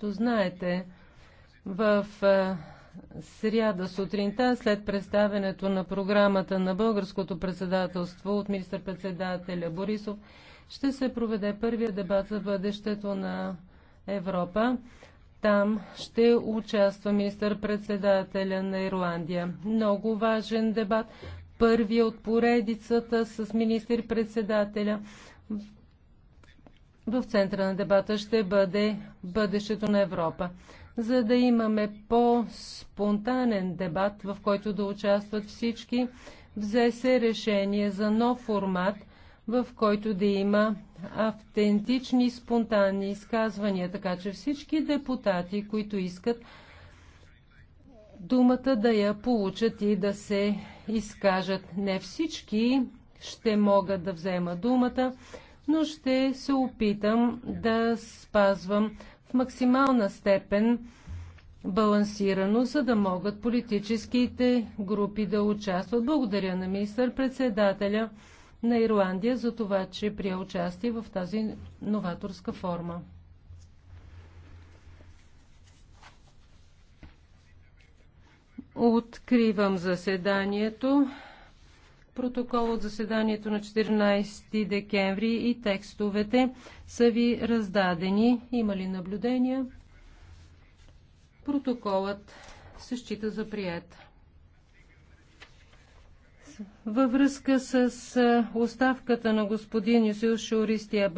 Както знаете, в е, сряда сутринта, след представенето на програмата на българското председателство от министър-председателя Борисов, ще се проведе първия дебат за бъдещето на Европа. Там ще участва министър-председателя на Ирландия. Много важен дебат. Първия от поредицата с министър-председателя в центъра на дебата ще бъде бъдещето на Европа, за да имаме по-спонтанен дебат, в който да участват всички. Взе се решение за нов формат, в който да има автентични, спонтанни изказвания, така че всички депутати, които искат думата да я получат и да се изкажат. Не всички ще могат да вземат думата но ще се опитам да спазвам в максимална степен балансирано, за да могат политическите групи да участват. Благодаря на министър-председателя на Ирландия за това, че прия участие в тази новаторска форма. Откривам заседанието. Протокол от заседанието на 14 декември и текстовете са ви раздадени. Има ли наблюдения? Протоколът се счита за прият. Във връзка с оставката на господин Юсил Шуристия